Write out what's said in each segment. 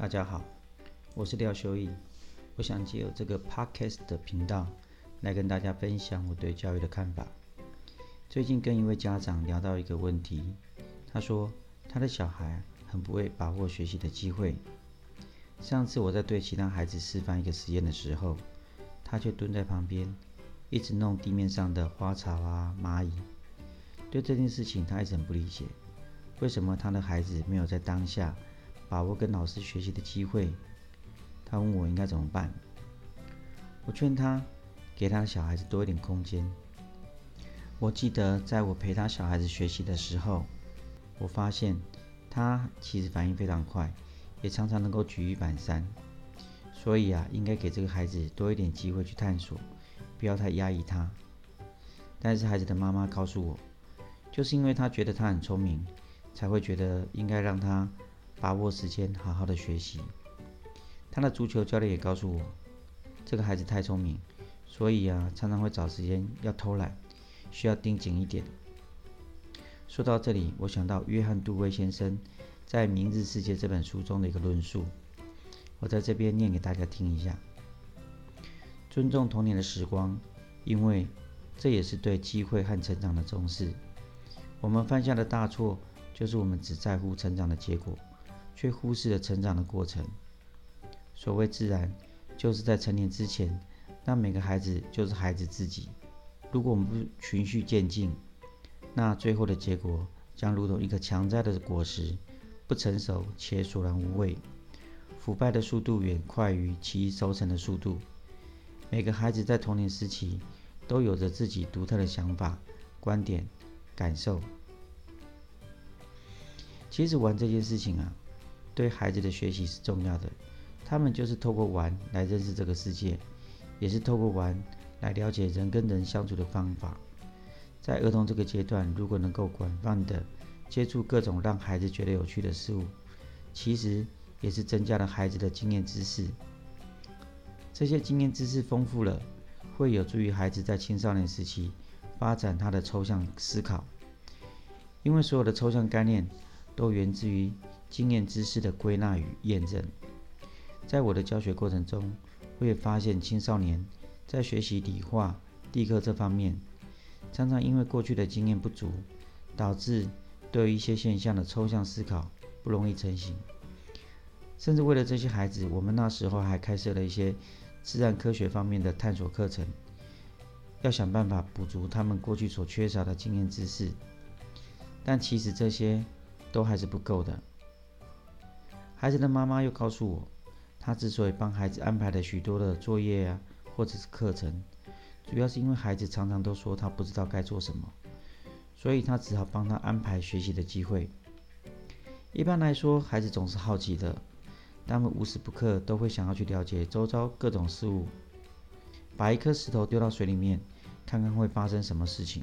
大家好，我是廖修義。我想借由這個 podcast 的頻道來跟大家分享我對教育的看法。最近跟一位家長聊到一個問題，他說他的小孩很不會把握學習的機會。上次我在對其他孩子示範一個實驗的時候，他卻蹲在旁邊一直弄地面上的花草啊、螞蟻。對這件事情，他一直很不理解，為什麼他的孩子沒有在當下。把握跟老師學習的機會，他問我應該怎麼辦？我勸他給他的小孩子多一點空間。我記得在我陪他小孩子學習的時候，我發現他其實反應非常快，也常常能夠舉一反三。所以啊，應該給這個孩子多一點機會去探索，不要太壓抑他。但是孩子的媽媽告訴我，就是因為他覺得他很聰明，才會覺得應該讓他。把握時間，好好的學習。他的足球教練也告訴我，這個孩子太聰明，所以啊，常常會找時間要偷懶，需要盯緊一點。說到這裡，我想到約翰·杜威先生在《明日世界》這本書中的一個論述，我在這邊念給大家聽一下：尊重童年的時光，因為這也是對機會和成長的重視。我們犯下的大錯，就是我們只在乎成長的結果。卻忽視了成長的過程。所謂自然，就是在成年之前，那每個孩子就是孩子自己。如果我們不循序漸進，那最後的結果將如同一個強摘的果實，不成熟且索然無味，腐敗的速度遠快於其熟成的速度。每個孩子在童年時期都有着自己獨特的想法、觀點、感受。其實玩這件事情啊。對孩子的學習是重要的，他們就是透過玩來認識這個世界，也是透過玩來了解人跟人相處的方法。在兒童這個階段，如果能夠廣泛的接觸各種讓孩子覺得有趣的事物，其實也是增加了孩子的經驗知識。這些經驗知識豐富了，會有助於孩子在青少年時期發展他的抽象思考，因為所有的抽象概念，都源自於經驗知識的歸納與驗證。在我的教學過程中，我也發現青少年在學習理化、地科這方面，常常因為過去的經驗不足，導致對於一些現象的抽象思考不容易成型。甚至為了這些孩子，我們那時候還開設了一些自然科學方面的探索課程，要想辦法補足他們過去所缺少的經驗知識。但其實這些。都還是不夠的。孩子的媽媽又告訴我，她之所以幫孩子安排了許多的作業啊，或者是課程，主要是因為孩子常常都說他不知道該做什麼，所以他只好幫他安排學習的機會。一般來說，孩子總是好奇的，但他們無時不刻都會想要去了解周遭各種事物。把一顆石頭丟到水裡面，看看會發生什麼事情。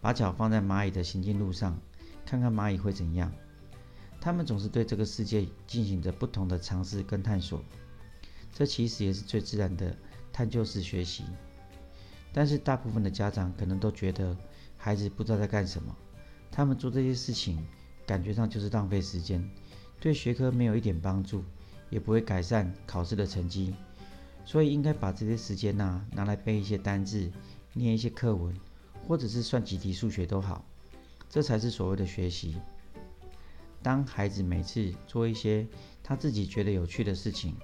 把腳放在螞蟻的行進路上。看看螞蟻會怎樣？他們總是對這個世界進行着不同的嘗試跟探索。這其實也是最自然的探究式學習。但是，大部分的家長可能都覺得孩子不知道在幹什麼，他們做這些事情感覺上就是浪費時間，對學科沒有一點幫助，也不會改善考試的成績。所以，應該把這些時間呢、啊、拿來背一些單字、念一些課文，或者是算幾題數學都好。這才是所謂的學習。當孩子每次做一些他自己覺得有趣的事情，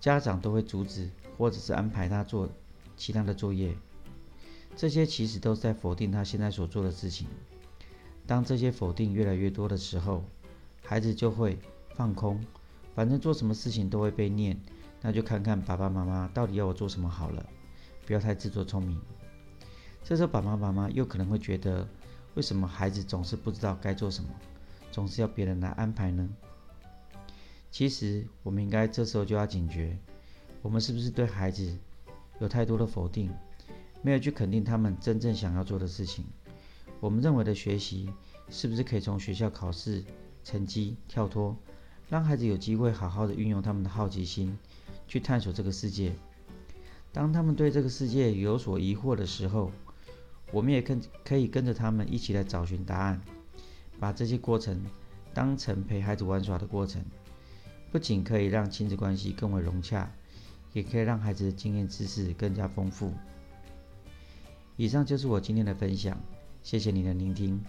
家長都會阻止，或者是安排他做其他的作業。這些其實都是在否定他現在所做的事情。當這些否定越來越多的時候，孩子就會放空，反正做什麼事情都會被念，那就看看爸爸媽媽到底要我做什麼好了，不要太自作聰明。這時候，爸爸媽媽又可能會覺得。為什麼孩子總是不知道該做什麼，總是要別人來安排呢？其實，我們應該這時候就要警覺，我們是不是對孩子有太多的否定，沒有去肯定他們真正想要做的事情？我們認為的學習，是不是可以從學校考試成績跳脫，讓孩子有機會好好的運用他們的好奇心，去探索這個世界。當他們對這個世界有所疑惑的時候，我們也跟可以跟着他們一起來找尋答案，把這些過程當成陪孩子玩耍的過程，不僅可以讓親子關係更為融洽，也可以讓孩子的經驗知識更加豐富。以上就是我今天的分享，謝謝你的聆聽。